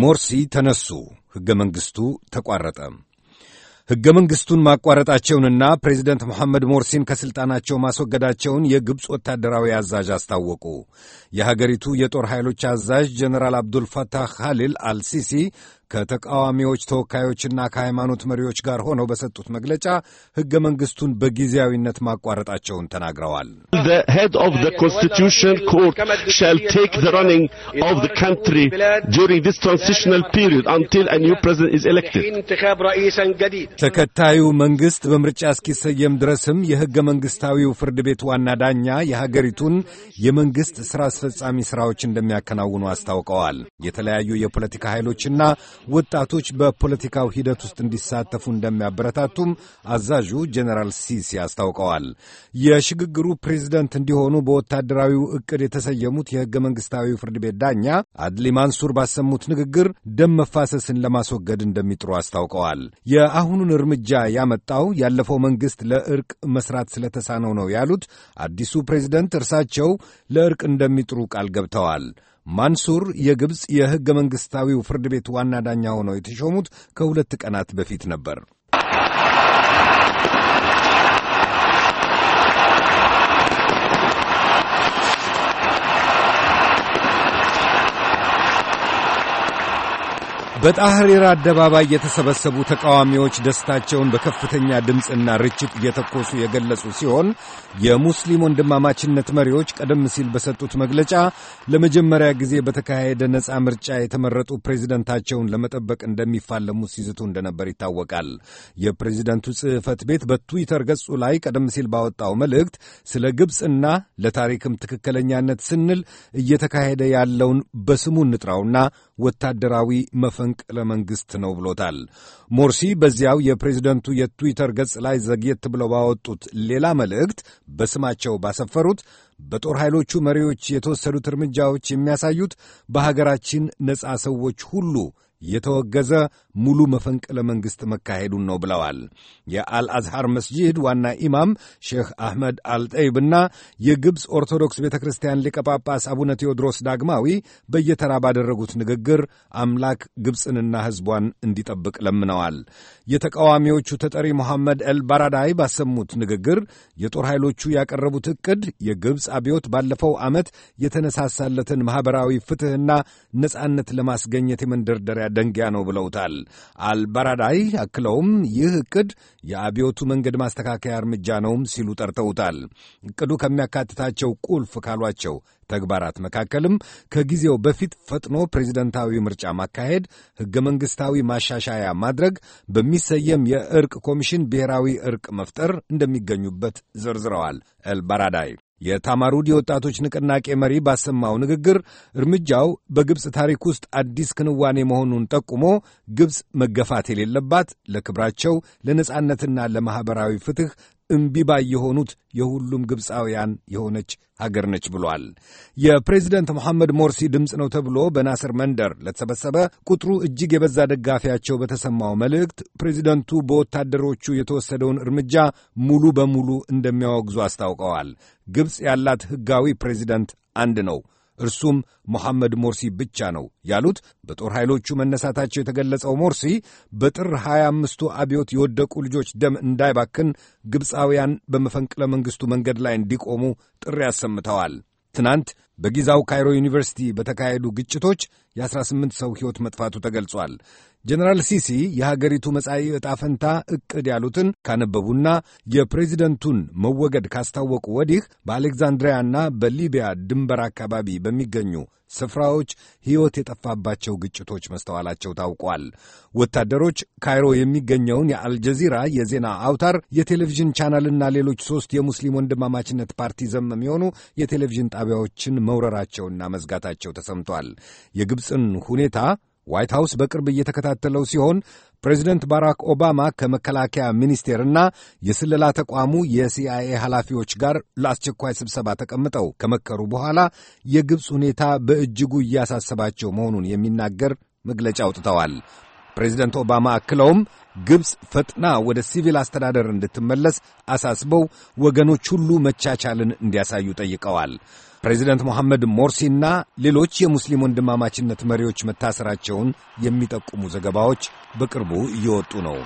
ሞርሲ ተነሱ፣ ሕገ መንግሥቱ ተቋረጠ። ሕገ መንግሥቱን ማቋረጣቸውንና ፕሬዚደንት መሐመድ ሞርሲን ከሥልጣናቸው ማስወገዳቸውን የግብፅ ወታደራዊ አዛዥ አስታወቁ። የሀገሪቱ የጦር ኃይሎች አዛዥ ጀነራል አብዱልፈታህ ኻሊል አልሲሲ ከተቃዋሚዎች ተወካዮችና ከሃይማኖት መሪዎች ጋር ሆነው በሰጡት መግለጫ ሕገ መንግሥቱን በጊዜያዊነት ማቋረጣቸውን ተናግረዋል። ተከታዩ መንግሥት በምርጫ እስኪሰየም ድረስም የሕገ መንግሥታዊው ፍርድ ቤት ዋና ዳኛ የሀገሪቱን የመንግሥት ሥራ አስፈጻሚ ሥራዎች እንደሚያከናውኑ አስታውቀዋል። የተለያዩ የፖለቲካ ኃይሎችና ወጣቶች በፖለቲካው ሂደት ውስጥ እንዲሳተፉ እንደሚያበረታቱም አዛዡ ጀኔራል ሲሲ አስታውቀዋል። የሽግግሩ ፕሬዚደንት እንዲሆኑ በወታደራዊው እቅድ የተሰየሙት የሕገ መንግሥታዊ ፍርድ ቤት ዳኛ አድሊ ማንሱር ባሰሙት ንግግር ደም መፋሰስን ለማስወገድ እንደሚጥሩ አስታውቀዋል። የአሁኑን እርምጃ ያመጣው ያለፈው መንግሥት ለእርቅ መስራት ስለተሳነው ነው ያሉት አዲሱ ፕሬዚደንት እርሳቸው ለእርቅ እንደሚጥሩ ቃል ገብተዋል። ማንሱር የግብፅ የሕገ መንግሥታዊው ፍርድ ቤት ዋና ዳኛ ሆነው የተሾሙት ከሁለት ቀናት በፊት ነበር። በጣህሪር አደባባይ የተሰበሰቡ ተቃዋሚዎች ደስታቸውን በከፍተኛ ድምፅና ርችት እየተኮሱ የገለጹ ሲሆን የሙስሊም ወንድማማችነት መሪዎች ቀደም ሲል በሰጡት መግለጫ ለመጀመሪያ ጊዜ በተካሄደ ነፃ ምርጫ የተመረጡ ፕሬዚደንታቸውን ለመጠበቅ እንደሚፋለሙ ሲዝቱ እንደነበር ይታወቃል። የፕሬዚደንቱ ጽህፈት ቤት በትዊተር ገጹ ላይ ቀደም ሲል ባወጣው መልእክት ስለ ግብፅና ለታሪክም ትክክለኛነት ስንል እየተካሄደ ያለውን በስሙ እንጥራውና ወታደራዊ መፈ መፈንቅለ መንግሥት ነው ብሎታል። ሞርሲ በዚያው የፕሬዝደንቱ የትዊተር ገጽ ላይ ዘግየት ብለው ባወጡት ሌላ መልእክት በስማቸው ባሰፈሩት በጦር ኃይሎቹ መሪዎች የተወሰዱት እርምጃዎች የሚያሳዩት በሀገራችን ነፃ ሰዎች ሁሉ የተወገዘ ሙሉ መፈንቅለ መንግሥት መካሄዱን ነው ብለዋል። የአልአዝሐር መስጂድ ዋና ኢማም ሼህ አህመድ አልጠይብና የግብፅ ኦርቶዶክስ ቤተ ክርስቲያን ሊቀ ጳጳስ አቡነ ቴዎድሮስ ዳግማዊ በየተራ ባደረጉት ንግግር አምላክ ግብፅንና ሕዝቧን እንዲጠብቅ ለምነዋል። የተቃዋሚዎቹ ተጠሪ መሐመድ ኤል ባራዳይ ባሰሙት ንግግር የጦር ኃይሎቹ ያቀረቡት ዕቅድ የግብፅ አብዮት ባለፈው ዓመት የተነሳሳለትን ማኅበራዊ ፍትሕና ነጻነት ለማስገኘት የመንደርደሪያ ደንጊያ ነው ብለውታል። አልባራዳይ አክለውም ይህ እቅድ የአብዮቱ መንገድ ማስተካከያ እርምጃ ነውም ሲሉ ጠርተውታል። እቅዱ ከሚያካትታቸው ቁልፍ ካሏቸው ተግባራት መካከልም ከጊዜው በፊት ፈጥኖ ፕሬዚደንታዊ ምርጫ ማካሄድ፣ ሕገ መንግሥታዊ ማሻሻያ ማድረግ፣ በሚሰየም የእርቅ ኮሚሽን ብሔራዊ እርቅ መፍጠር እንደሚገኙበት ዘርዝረዋል። ኤልባራዳይ የታማሩድ የወጣቶች ንቅናቄ መሪ ባሰማው ንግግር እርምጃው በግብፅ ታሪክ ውስጥ አዲስ ክንዋኔ መሆኑን ጠቁሞ ግብፅ መገፋት የሌለባት ለክብራቸው ለነጻነትና ለማኅበራዊ ፍትሕ እምቢባይ የሆኑት የሁሉም ግብፃውያን የሆነች ሀገር ነች ብሏል። የፕሬዚደንት መሐመድ ሞርሲ ድምፅ ነው ተብሎ በናስር መንደር ለተሰበሰበ ቁጥሩ እጅግ የበዛ ደጋፊያቸው በተሰማው መልእክት ፕሬዚደንቱ በወታደሮቹ የተወሰደውን እርምጃ ሙሉ በሙሉ እንደሚያወግዙ አስታውቀዋል። ግብፅ ያላት ሕጋዊ ፕሬዚደንት አንድ ነው። እርሱም መሐመድ ሞርሲ ብቻ ነው ያሉት በጦር ኃይሎቹ መነሳታቸው የተገለጸው ሞርሲ በጥር 25ቱ አብዮት የወደቁ ልጆች ደም እንዳይባክን ግብፃውያን በመፈንቅለ መንግሥቱ መንገድ ላይ እንዲቆሙ ጥሪ አሰምተዋል። ትናንት በጊዛው ካይሮ ዩኒቨርሲቲ በተካሄዱ ግጭቶች የ18 ሰው ሕይወት መጥፋቱ ተገልጿል። ጀነራል ሲሲ የሀገሪቱ መጻኢ ዕጣ ፈንታ ዕቅድ ያሉትን ካነበቡና የፕሬዚደንቱን መወገድ ካስታወቁ ወዲህ በአሌክዛንድሪያና በሊቢያ ድንበር አካባቢ በሚገኙ ስፍራዎች ሕይወት የጠፋባቸው ግጭቶች መስተዋላቸው ታውቋል። ወታደሮች ካይሮ የሚገኘውን የአልጀዚራ የዜና አውታር የቴሌቪዥን ቻናልና ሌሎች ሦስት የሙስሊም ወንድማማችነት ፓርቲ ዘመም የሆኑ የቴሌቪዥን ጣቢያዎችን መውረራቸውና መዝጋታቸው ተሰምቷል። የግብፅን ሁኔታ ዋይት ሃውስ በቅርብ እየተከታተለው ሲሆን ፕሬዚደንት ባራክ ኦባማ ከመከላከያ ሚኒስቴርና የስለላ ተቋሙ የሲአይኤ ኃላፊዎች ጋር ለአስቸኳይ ስብሰባ ተቀምጠው ከመከሩ በኋላ የግብፅ ሁኔታ በእጅጉ እያሳሰባቸው መሆኑን የሚናገር መግለጫ አውጥተዋል። ፕሬዚደንት ኦባማ አክለውም ግብፅ ፈጥና ወደ ሲቪል አስተዳደር እንድትመለስ አሳስበው ወገኖች ሁሉ መቻቻልን እንዲያሳዩ ጠይቀዋል። ፕሬዚደንት ሞሐመድ ሞርሲና ሌሎች የሙስሊም ወንድማማችነት መሪዎች መታሰራቸውን የሚጠቁሙ ዘገባዎች በቅርቡ እየወጡ ነው።